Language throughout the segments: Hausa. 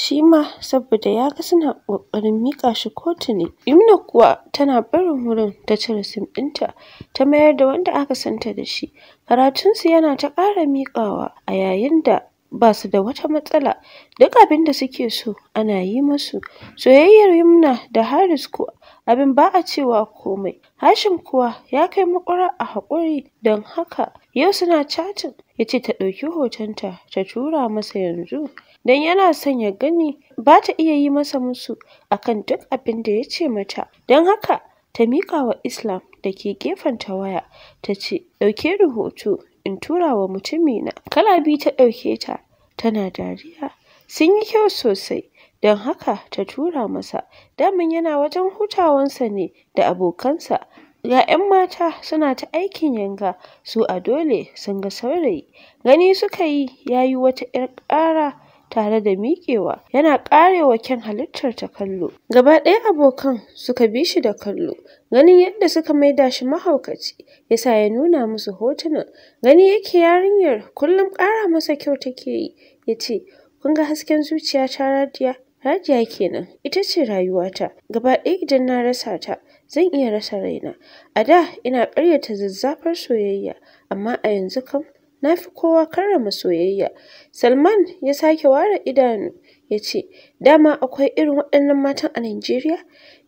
shi ma saboda ya ga suna ƙoƙarin mika shi kotu ne. Yumna kuwa tana barin wurin ta cire sim ɗinta ta mayar da wanda aka santa da shi. Karatun su yana ta ƙara miƙawa a yayin da ba su da wata matsala. Duk abin da suke so ana yi musu. Soyayyar Yumna da Haris kuwa abin ba a cewa komai. Hashim kuwa ya kai makura a haƙuri don haka yau suna catin ya ce ta ɗauki hotonta ta tura masa yanzu. don yana son ya gani ba ta iya yi masa musu akan duk abin da ya ce mata. Don haka ta mika wa Islam da ke gefen ta waya ta ce, ɗauke rahoto in tura wa mutumina. Kala biyu ta ɗauke ta, tana dariya. Sun yi kyau sosai, don haka ta tura masa. Daman yana wajen hutawansa ne da abokansa. Ga 'yan mata suna ta aikin yanga, su a dole sun ga saurayi. Gani suka yi ya yi wata 'yar ƙara tare da miƙewa yana ƙarewa kyan halittar ta kallo gaba ɗaya abokan suka bi shi da kallo ganin yadda suka maida shi mahaukaci yasa ya nuna musu hotunan gani yake yarinyar kullum ƙara masa kyau take yi ya ce kun ga hasken zuciya ta radiya Radiya kenan ita ce rayuwata gaba ɗaya idan na rasa ta zan iya rasa raina a da ina ƙaryata zazzafar soyayya amma a yanzu kam Na fi kowa karrama soyayya. Salman ya sake ware idanu ya ce, "Dama akwai irin waɗannan matan a Najeriya?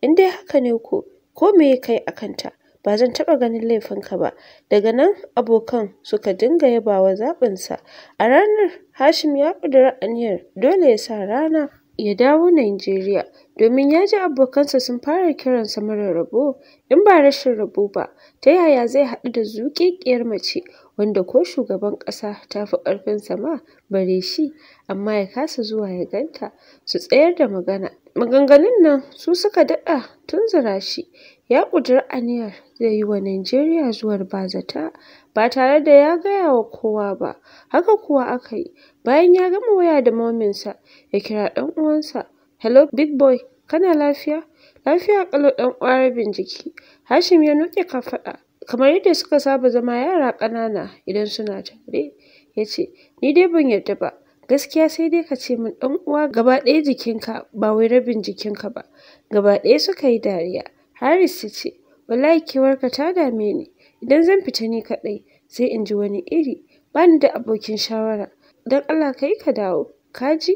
In dai haka ne ko, ko me ya kai a kanta, ba zan taɓa ganin laifinka ba." Daga nan abokan suka dinga yabawa zaɓinsa. A ranar, Hashim ya ƙudiri aniyar dole ya sa rana. ya dawo Najeriya domin ya ji abokansa sun fara kiransa marar rabo in ba rashin rabo ba, ta yaya zai haɗu da zuƙeƙiyar mace wanda ko shugaban ƙasa ta fi ƙarfin sama, bare shi, amma ya kasa zuwa ya ganta, su tsayar da magana. Maganganun nan su suka daɗa tunzura shi, ya ƙudiri aniyar zai yi wa Najeriya zuwar bazata ba tare da ya gaya wa kowa ba, haka kuwa aka yi. Bayan ya gama waya da mominsa, ya kira ɗan uwansa, “Hello big boy, kana lafiya?” Lafiya ƙalau ɗan ƙwarabin jiki, Hashim ya nuke kafaɗa kamar yadda suka saba zama yara ƙanana idan suna tare, ya ce, “Ni dai ban yarda ba, gaskiya sai dai ka ce min ɗan uwa gaba ɗaya jikinka ba wai rabin jikinka ba.” Gaba ɗaya suka yi dariya. Haris ya ce, Wallahi kewarka ta dame ni. Idan zan fita ni kaɗai, sai in ji wani iri. Ba ni da abokin shawara. Don Allah kai ka dawo, ka ji?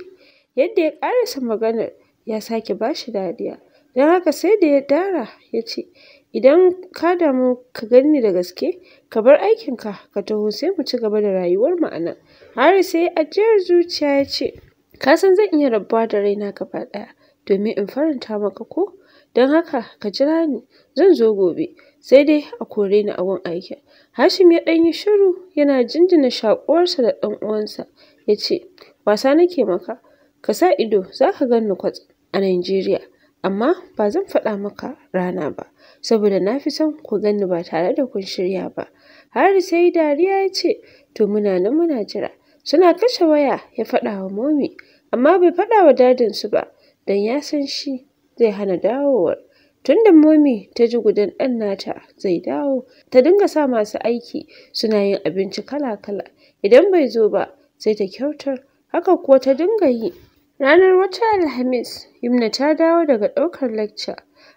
Yadda ya ƙarasa maganar ya sake ba shi dariya. Don haka sai da ya dara ya ce, Idan ka damu ka ganni da gaske, ka bar aikinka ka taho sai mu ci gaba da rayuwar mu a nan. sai ya ajiyar zuciya ya ce, Ka san zan iya rabuwa da raina gaba ɗaya domin in faranta maka ko? Don haka ka jira ni, zan zo gobe, sai dai a kore ni a aikin. Hashim ya ɗan yi shiru, yana jinjina shaƙuwarsa da ɗan uwansa. Ya ce, wasa nake maka. Ka sa ido za ka gan ni kwatsam a Najeriya, amma ba zan faɗa maka rana ba, saboda na fi son ku gan ba tare da kun shirya ba. har sai dariya ya ce, to muna nan muna jira. Suna kashe waya ya faɗa wa Momi, amma bai faɗa wa dadinsu ba, Dan ya san shi. zai hana dawowar tun da momi ta ji gudan ɗan nata zai dawo ta dinga sa masu aiki suna yin abinci kala-kala idan bai zo ba sai ta kyautar haka kuwa ta dinga yi ranar wata alhamis yumna ta dawo daga ɗaukar lacca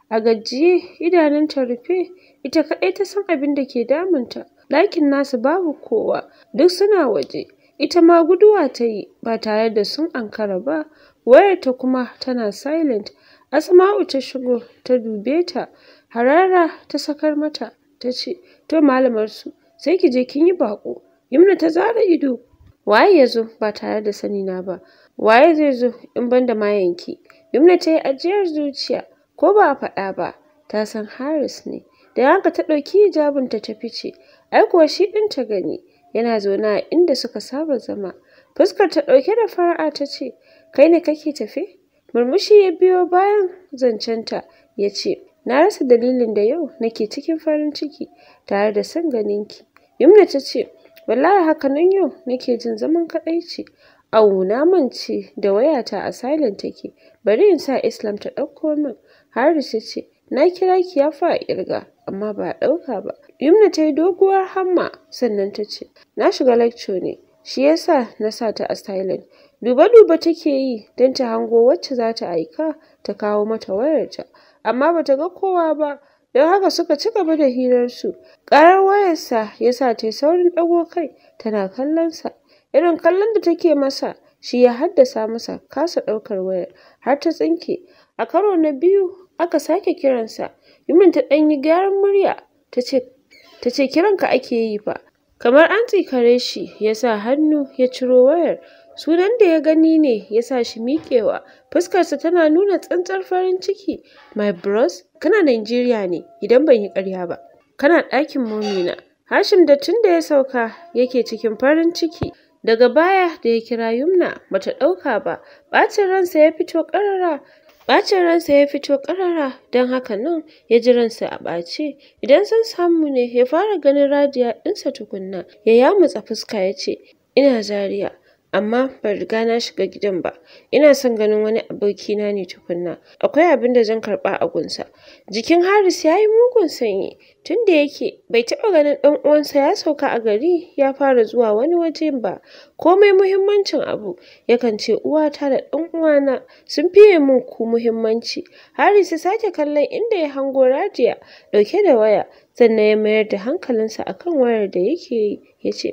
a gajiye idanunta rufe ita kaɗai ta san abin da ke damunta ɗakin nasu babu kowa duk suna waje ita ma guduwa ta yi ba tare da sun ankara ba wayarta kuma tana silent Asma'u ta shigo ta dube ta, harara ta sakar mata ta ce, To su sai ki je kin yi baƙo. Yumna ta zara ido. Waye ya zo ba tare da sanina ba? Waye zai zo in banda da mayanki? Yumna ta yi ajiyar zuciya, ko ba a faɗa ba, ta san Haris ne. Da yanka ta ɗauki hijabin ta fice, ai kuwa shi ɗin ta gani, yana zaune a inda suka saba zama. Fuskar ta ɗauke da fara'a ta ce, Kai ne kake tafe? Murmushi ya biyo bayan zancenta ya ce, Na rasa dalilin da yau nake cikin farin ciki tare da son ki. Yumna ta ce, Wallahi haka nan yau nake jin zaman kaɗaici. Au na mance da wayata a silent take. Bari in sa Islam ta ɗauko min. Haris ya ce, Na kira ki ya fa kirga amma ba ɗauka ba. Yumna ta yi doguwar hamma sannan ta ce, Na shiga lecture ne, shi yasa na sa ta a silent. Duba-duba take yi don ta hango wacce za ta aika ta kawo mata wayarta, amma ba ta ga kowa ba, don haka suka ci gaba da hirarsu. Ƙarar wayarsa ya sa ta yi saurin ɗago kai tana kallonsa. Irin kallon da take masa shi ya haddasa masa kasa ɗaukar wayar har ta tsinke. A karo na biyu aka sake kiransa, Yumin ta ɗan yi gyaran murya ta ce kiranka ake yi ba. Kamar an tsikare shi ya sa hannu ya ciro wayar Sunan da ya gani ne ya sa shi miƙewa, fuskarsa tana nuna tsantsar farin ciki. My bros, kana Najeriya ne, idan ban yi ƙarya ba. Kana ɗakin momina. Hashim da tun da ya sauka yake cikin farin ciki. Daga baya da ya kira Yumna bata ɗauka ba, ɓacin ransa ya fito ƙarara. ransa ya fito ƙarara don haka nan ya ji ransa a ɓace. Idan sun samu ne ya fara ganin radiya ɗinsa tukunna ya yamutsa fuska ya ce, Ina zariya amma ban riga na shiga gidan ba ina son ganin wani abokina ne tukunna akwai abin da zan karɓa a gunsa jikin haris ya yi mugun sanyi tun da yake bai taɓa ganin ɗan uwansa ya sauka a gari ya fara zuwa wani waje ba komai muhimmancin abu yakan ce uwata da ɗan uwana sun fiye min ku muhimmanci haris ya sake kallon inda ya hango radiya ɗauke da waya sannan ya mayar da hankalinsa akan wayar da yake yi ya ce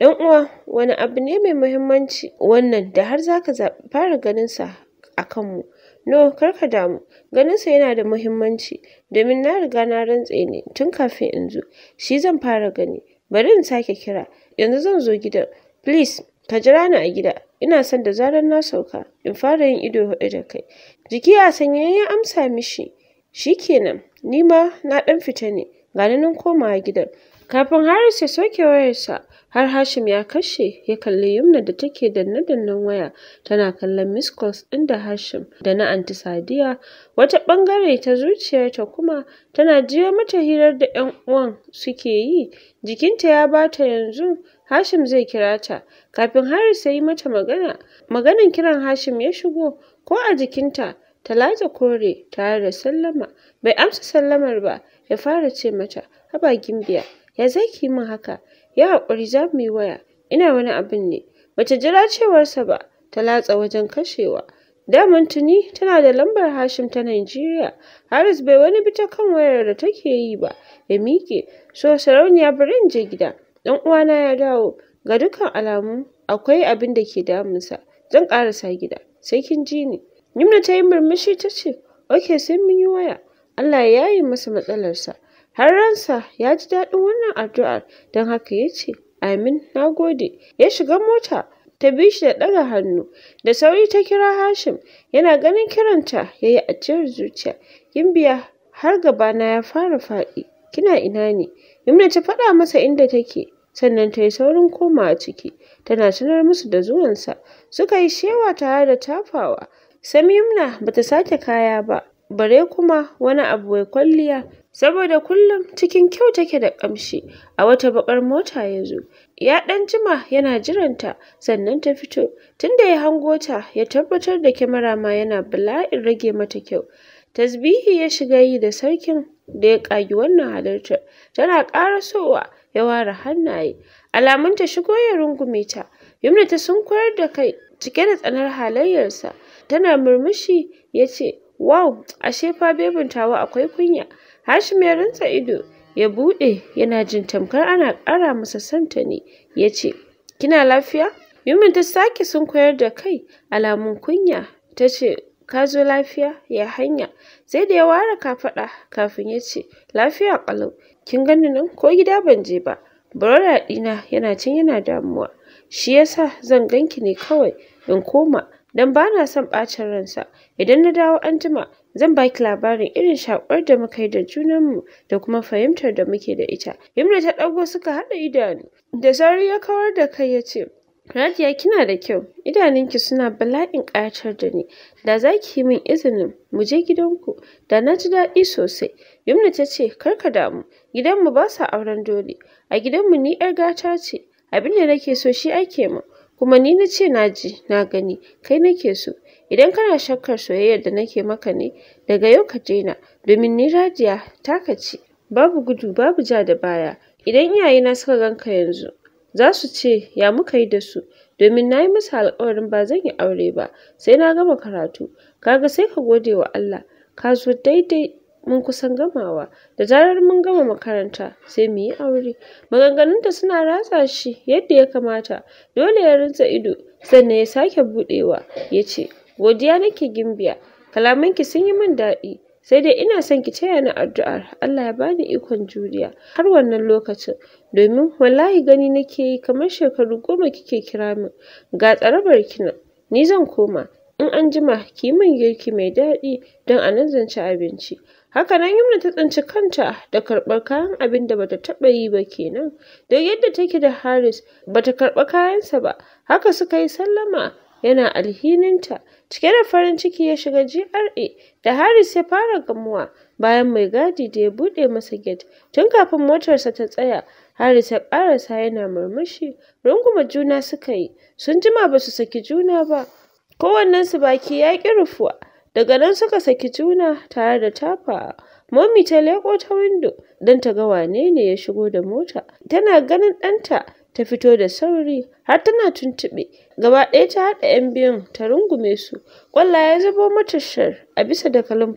Ɗan uwa, wani abu ne mai muhimmanci wannan da har zaka ka fara ganin sa a kanmu? No, kar ka damu. Ganin sa yana da muhimmanci, domin na riga na rantse ne tun kafin in zo. Shi zan fara gani. Bari in sake kira. Yanzu zan zo gidan. Please, ka jira ni a gida. Ina son da zarar na sauka in fara yin ido huɗu da kai. Jiki a sanye ya amsa mishi. Shikenan, ni ma na ɗan fita ne. Ga nan komawa gidan. Kafin Harisu ya soke wayarsa, har Hashim ya kashe ya kalli Yumna da take danne-dannen waya tana kallon miss Cross ɗin da Hashim da na Aunty Sadiya wata ɓangare ta zuciyarta kuma tana jiyo mata hirar da ƴan uwan suke yi jikinta ya bata yanzu Hashim zai kira ta kafin har sai yi mata magana Maganin kiran Hashim ya shigo ko a jikinta Talata kore tare da sallama bai amsa sallamar ba ya fara ce mata haba gimbiya ya zaki mun haka Ya haƙuri za mu yi waya, ina wani abin ne. Ba ta jira cewarsa ba, ta latsa wajen kashewa. Daman tuni tana da lambar Hashim ta Najeriya. Haris bai wani bita kan wayar da take yi ba, ya miƙe. So sarauniya bari je gida, ɗan uwana ya dawo. Ga dukkan alamu akwai abin da ke damunsa. Zan ƙarasa gida, sai kin ji ni. Yumna ta yi murmushi ta ce, Oke sai mun yi waya. Allah ya yi masa matsalarsa. Har ransa ya ji daɗin wannan addu'ar don haka ya ce, Amin, na gode. Ya shiga mota, ta bi shi da ɗaga hannu. Da sauri ta kira Hashim, yana ganin kiranta ya yi ajiyar zuciya. Gimbiya, har gaba na ya fara faɗi. Kina ina ne? Yumna ta faɗa masa inda take, sannan ta yi saurin komawa ciki. Tana sanar musu da zuwansa. Suka yi shewa tare da tafawa. Sam Yumna ta sake kaya ba, bare kuma wani abu mai kwalliya. saboda kullum cikin kyau take da ƙamshi a wata baƙar mota ya zo ya ɗan jima yana jiranta sannan ta fito tunda ya hango ta ya tabbatar da kyamara ma yana bala'in rage mata kyau tasbihi ya shiga yi da sarkin da ya ƙagi wannan halartar tana sowa, ya ware hannaye alamun ta shigo ya rungume ta yumna ta sun koyar da kai cike da tsanar halayyarsa tana murmushi ya ce wow ashe fa bebin tawa akwai kunya Hashim ya rintsa ido ya buɗe yana jin tamkar ana ƙara masa santa ne ya kina lafiya? Yumin ta sake sun koyar da kai alamun kunya ta ce ka zo lafiya ya hanya sai da ya ware kafaɗa kafin ya ce lafiya ƙalau kin gani nan ko gida ban je ba barora ɗina yana cin yana damuwa shi yasa zan ganki ne kawai in koma Dan ba na son ɓacin ransa idan na dawo anjima Zan baki labarin irin shakuwar da muka yi da junanmu da kuma fahimtar da muke da ita. Yumna ta dago suka haɗa idanu. Da sauri ya kawar da kai ya ce, Radiya kina da kyau, idanunki suna bala'in ƙayatar da ni. Da za ki yi min izinin mu je gidanku, da na ji daɗi sosai. Yumna ta ce, kar ka damu, gidanmu ba sa auren dole. A gidanmu ni 'yar gata ce, abin da nake so shi ake mu Kuma ni na ce na ji, na gani, kai nake so. Idan kana shakkar soyayyar da nake maka ne, daga yau ka daina, domin ni Radiya taka ce. Babu gudu, babu ja da baya. Idan iyayena suka ganka yanzu, za su ce ya muka yi da su, domin na yi musu alkawarin ba zan yi aure ba, sai na gama karatu. Kaga sai ka gode wa Allah, ka zo daidai mun kusan gamawa da zarar mun gama makaranta sai mu yi aure maganganunta suna ratsa shi yadda ya kamata dole ya rintsa ido sannan ya sake buɗewa, ya ce Godiya nake Gimbiya, kalamanki sun yi min daɗi. Sai dai ina son ki taya ni addu'ar Allah ya bani ikon juriya har wannan lokacin domin wallahi gani nake yi kamar shekaru goma kike kira min. Ga tsarabar kina, ni zan koma. In an jima ki min girki mai daɗi don a nan zan ci abinci. Haka nan Yumna ta tsinci kanta da karɓar kayan abin da bata taɓa yi ba kenan. Don yadda take da Haris bata karɓa kayansa ba, haka suka yi sallama yana alhininta. Cike da farin ciki ya shiga GRA da Haris ya fara gamuwa bayan mai gadi da ya buɗe masa gate. Tun kafin motarsa ta tsaya, Haris ya ƙarasa yana murmushi. Runguma juna suka yi, sun jima ba su saki juna ba. Kowannensu baki ya ƙi rufuwa. Daga nan suka saki juna tare da tafawa. Mommy ta leko ta windo Dan ta ga wane ne ya shigo da mota. Tana ganin ɗanta ta fito da sauri har tana tuntuɓe gaba ɗaya ta haɗa 'yan biyun ta rungume su ƙwallaye ya zubo mata shar a bisa dakalin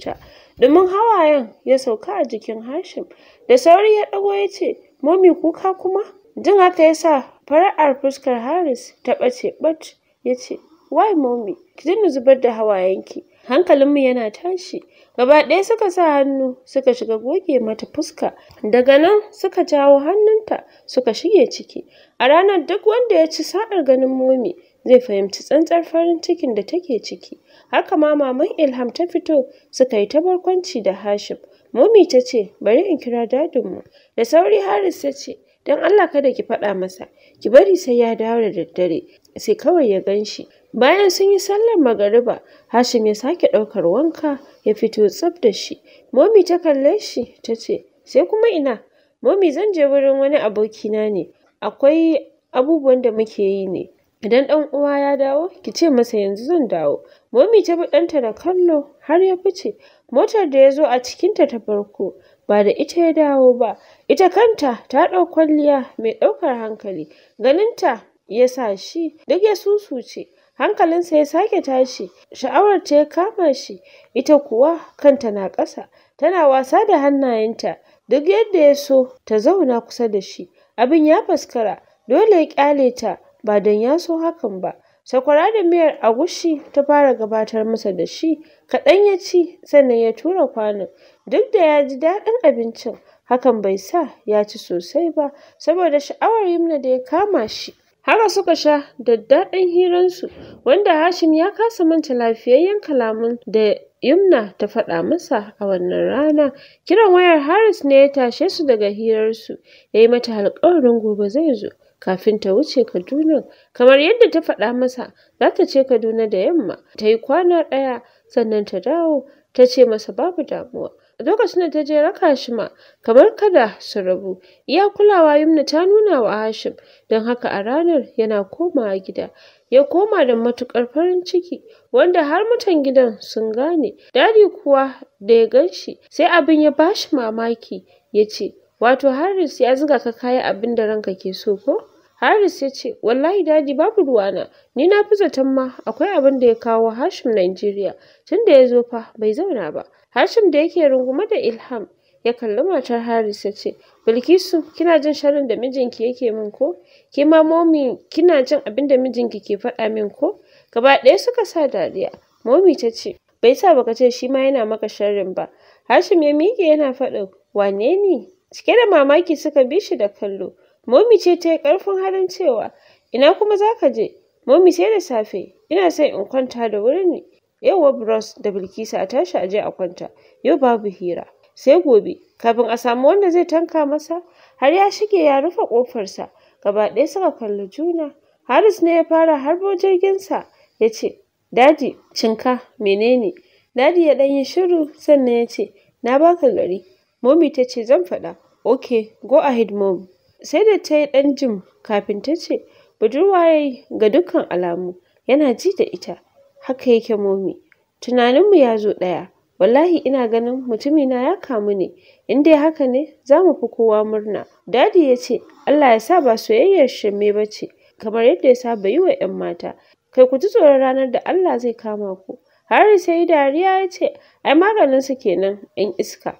ta. domin hawayen ya sauka a jikin hashim da sauri ya ɗago ya ce momi kuka kuma jin haka ya sa fara'ar fuskar haris ta ɓace ɓat ya ce wai momi ki dinga zubar da hawayenki hankalinmu yana tashi gaba ɗaya suka sa hannu suka shiga goge mata fuska daga nan suka jawo hannunta suka shige ciki a ranar duk wanda ya ci sa'ar ganin momi zai fahimci tsantsar farin cikin da take ciki haka ma maman ilham ta fito suka yi ta barkwanci da hashim momi ta ce bari in kira dadinmu da sauri haris ta ce don allah kada ki faɗa masa ki bari sai ya dawo da daddare sai kawai ya gan shi Bayan sun yi sallar magariba, Hashim ya sake ɗaukar wanka ya fito tsaf da shi. Momi ta kalle shi ta ce, sai kuma ina, Momi zan je wurin wani abokina ne, akwai abubuwan da muke yi ne. Idan ɗan uwa ya dawo, ki ce masa yanzu zan dawo. Momi ta bi ɗanta da kallo har ya fice. Motar da ya zo a cikinta ta farko, ba da ita ya dawo ba. Ita kanta ta ɗau kwalliya mai ɗaukar hankali. Ganinta ya sa shi duk ya susuce. hankalinsa ya sake tashi sha'awar ta ya kama shi ita kuwa kanta na ƙasa tana wasa da hannayenta duk yadda ya so ta zauna kusa da shi abin ya faskara dole ya ƙyale ta ba don ya so hakan ba sakwara da miyar agushi ta fara gabatar masa da shi kaɗan ya ci sannan ya tura kwanon duk da ya ji daɗin abincin hakan bai sa ya ci sosai ba saboda sha'awar yimna da ya kama shi Haka suka sha daddaɗin hiransu wanda Hashim ya kasa manta lafiyayyen kalaman da Yumna ta faɗa masa a wannan rana. Kiran wayar Haris ne ya tashe su daga hirarsu, ya yi mata alƙawarin gobe zai zo kafin ta wuce Kaduna. Kamar yadda ta faɗa masa, za ta ce Kaduna da yamma, ta yi kwana ɗaya sannan ta dawo. Ta ce masa babu damuwa, lokacin da ta je raka shi ma kamar kada su rabu iya kulawa Yumna ta nuna wa Hashim don haka a ranar yana komawa gida ya koma da matukar farin ciki wanda har mutan gidan sun gane dadi kuwa da ya ganshi. sai abin ya bashi mamaki ya ce wato Haris ya zuga ka kaya abin da ranka ke so ko Haris ya ce, Wallahi daji babu ruwana, ni na fi zaton ma akwai abin da ya kawo Hashim Najeriya, tun da ya zo fa bai zauna ba. Hashim da yake rungume da Ilham ya kalli matar Haris ya ce, Bilkisu, kina jin sharin da mijinki yake min ko? Ki ma momi kina jin abin da mijinki ke faɗa min ko? Gaba ɗaya suka sa dariya. Momi ta ce, Bai sa baka ce shi ma yana maka sharrin ba. Hashim ya miƙe yana faɗin, Wane ni? Cike da mamaki suka bi shi da kallo. Momi ce ta yi ƙarfin halin cewa, ina kuma za ka je? Momi sai da safe, ina son in kwanta da wuri ne. Yauwa Bros da Bilkisu a tashi a je a kwanta, yau babu hira. Sai gobe, kafin a samu wanda zai tanka masa, har ya shige ya rufe ƙofarsa, gaba ɗaya suka kalli juna. Haris ne ya fara harbo jirginsa, ya ce, Dadi, cinka, menene? Dadi ya ɗan yi shiru, sannan ya ce, Na baka gari. Momi ta ce, Zan faɗa. Okay, go ahead, mom. sai da ta yi ɗan jim kafin ta ce budurwa ga dukkan alamu yana ji da ita haka yake momi tunaninmu ya zo ɗaya wallahi ina ganin mutumina ya kamu ne in dai haka ne za mu fi kowa murna dadi ya ce allah ya sa ba soyayyar shirme ba ce kamar yadda ya saba yi wa 'yan mata kai ku ji tsoron ranar da allah zai kama ku har sai yi dariya ya ce ai su kenan 'yan iska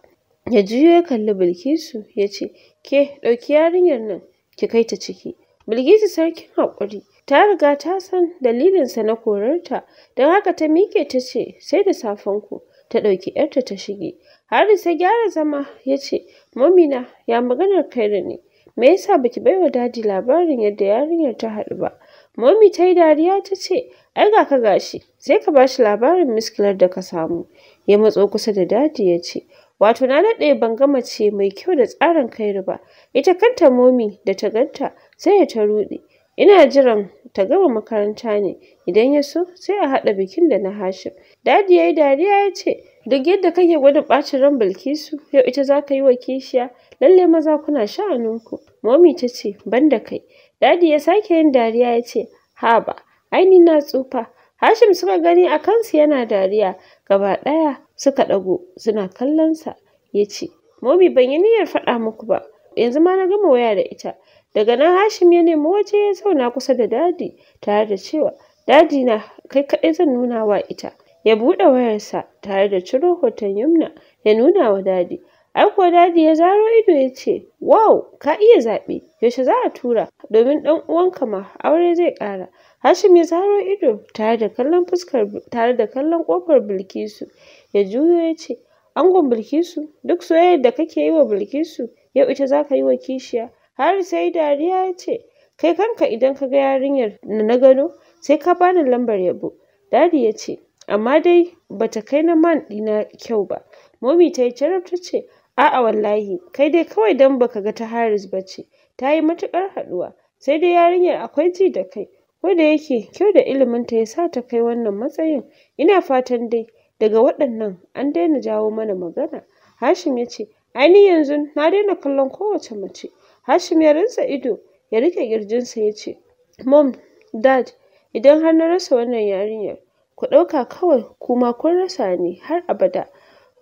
Ya juyo ya kalli Bilkisu ya ce, Ke, ɗauki yarinyar nan, ki kai ta ciki. Bilkisu sarkin haƙuri, ta riga ta san dalilinsa na korarta, don haka ta miƙe ta ce, Sai da safen ku, ta ɗauki ‘yarta ta shige. da sai gyara zama ya ce, Mamina, ya maganar kai da ne, me yasa baki bai wa daji labarin yadda yarinyar ta haɗu ba? Mami ta yi dariya ta ce, Ai ga ka gashi, sai ka bashi labarin miskilar da ka samu. Ya matso kusa da daji ya ce, Wato na daɗe ban ga mace mai kyau da tsarin kairi ba. Ita kanta momi da ta ganta sai ta ruɗe. Ina jiran ta gama makaranta ne, idan ya so sai a haɗa bikin da na Hashim. Dadi yayi dariya ya ce, Duk yadda kake gwada ɓacin ran Bilkisu, yau ita za ka yi wa kishiya, lallai maza kuna sha'aninku. Momi ta ce, Ban kai. Dadi ya sake yin dariya ya ce, Haba, ai ni na tsufa. Hashim suka gani a kansu yana dariya, gaba ɗaya suka ɗago suna kallonsa ya ce momi ban yi niyyar faɗa muku ba yanzu ma na gama waya da ita daga nan hashim ya nemi waje ya zauna kusa da dadi tare da cewa dadi na kai kaɗai zan nuna wa ita ya buɗe wayarsa tare da ciro hoton yumna ya nuna wa dadi Ai kuwa dadi ya zaro ido ya ce, Wow, ka iya zaɓe, yaushe za a tura, domin ɗan uwanka ma aure zai ƙara. Hashim ya zaro ido tare da kallon fuskar tare da kallon ƙofar Bilkisu. Ya juyo ya ce, Angon Bilkisu, duk soyayyar da kake yi wa Bilkisu, yau ita za ka yi wa kishiya. har sai dariya ya ce, Kai kanka idan ka ga yarinyar da na gano, sai ka bani lambar yabo. Dadi ya ce, Amma dai bata kai na man ɗina kyau ba. Momi ta yi ta ce, A'a wallahi, kai dai kawai dan baka ga ta Haris bace. ce, ta yi matuƙar haɗuwa, sai dai yarinyar akwai ji da kai, ko da yake kyau da ilimin ta yasa ta kai wannan matsayin, ina fatan dai daga waɗannan an daina jawo mana magana. Hashim ya ce, ai ni yanzu na daina kallon kowace mace. Hashim ya rinsa ido, ya rike ƙirjinsa ya ce, Mom, Dad, idan har na rasa wannan yarinyar, ku ɗauka kawai kuma kun rasa ni har abada.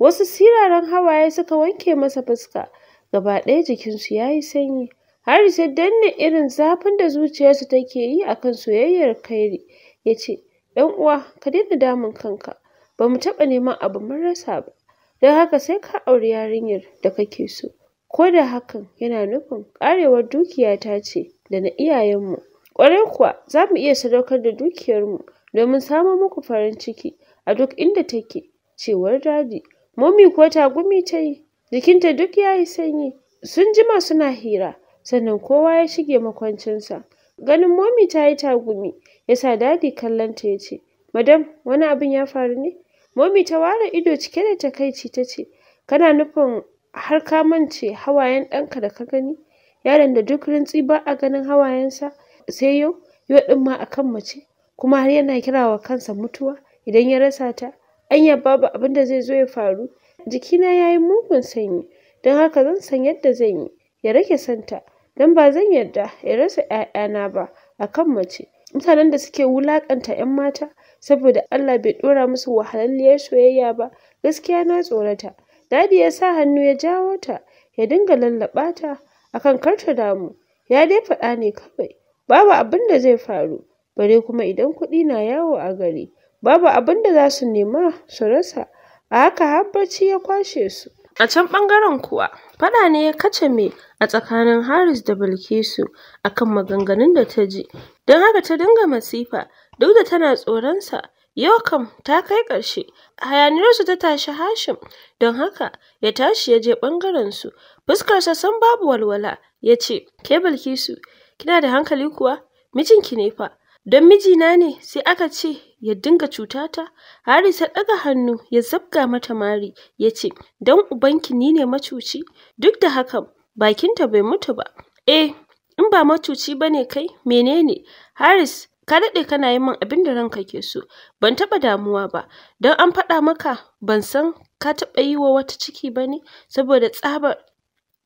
wasu siraran hawaye suka wanke masa fuska gaba ɗaya jikinsu ya yi sanyi har sai danne irin zafin da zuciyarsu take yi a kan soyayyar Kairi ya ce ɗan uwa ka daina damun kanka ba mu taɓa neman abu mun rasa ba don haka sai ka auri yarinyar da kake so ko da hakan yana nufin ƙarewar dukiya ta ce da na iyayenmu ƙwarai kuwa za mu iya sadaukar da dukiyarmu domin samar muku farin ciki a duk inda take cewar dadi Momi kuwa tagumi ta yi, jikinta duk ya yi sanyi. Sun jima suna hira, sannan kowa ya shige makwancinsa. Ganin Momi ta yi tagumi, ya sa Dadi kallonta ya ce, Madam, wani abin ya faru ne? Momi ta ware ido cike da takaici ta ce, Kana nufin har ka mance hawayen ɗanka da ka gani? Yaron da duk rintsi ba a ganin hawayensa, sai yau, yau ɗin ma akan mace, kuma har yana kira wa kansa mutuwa idan ya rasa ta. Anya babu abin da zai zo ya faru. Jikina ya yi mugun sanyi, don haka zan san yadda zan yi, ya rage santa, don ba zan yarda ya rasa ‘ya'yana ba a kan mace. Mutanen da suke wulaƙanta ‘yan mata saboda Allah bai ɗora musu wahalalliyar soyayya ba, gaskiya na tsorata. Dadi ya sa hannu ya jawo ta, ya dinga lallaɓa ta akan kar ta damu. Ya dai faɗa ne kawai, babu abin da zai faru, bare kuma idan kuɗi na yawo a gari. babu abin da za su nema su rasa a haka har bacci ya kwashe su a can ɓangaren kuwa faɗa ne ya kace me a tsakanin Haris da Bilkisu akan maganganun da ta ji don haka ta dinga masifa duk da tana tsoronsa yau kam ta kai ƙarshe hayaniyarsu ta tashi Hashim don haka ya tashi ya je ɓangaren su fuskarsa san babu walwala ya ce ke Bilkisu kina da hankali kuwa mijinki ne fa Don mijina ne sai aka ce ya dinga cutata?” haris ya ɗaga hannu ya zabga mata mari ya ce, “Don ubanki ni ne macuci?” Duk da haka bakinta bai mutu ba. “Eh, in ba macuci ba ne kai, menene? Haris, ka daɗe kana yi min abin da ranka ke so. Ban taɓa damuwa ba. Don an faɗa maka ban san ka taɓa yi wa wata ciki ba ne, saboda tsabar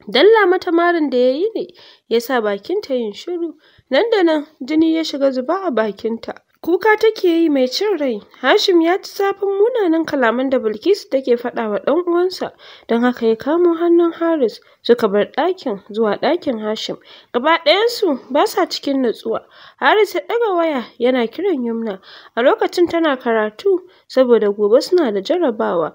Dalla mata marin da ya yi ne ya sa bakinta yin shiru. Nan da nan jini ya shiga zuba a bakinta. Kuka take yi mai cin rai. Hashim ya ci zafin munanan kalaman da Bilkisu take faɗa wa ɗan uwansa, don haka ya kamo hannun Haris suka bar ɗakin zuwa ɗakin Hashim. Gaba ɗayansu ba sa cikin natsuwa. Haris ya ɗaga waya yana kiran Yumna. A lokacin tana karatu saboda gobe suna da jarrabawa.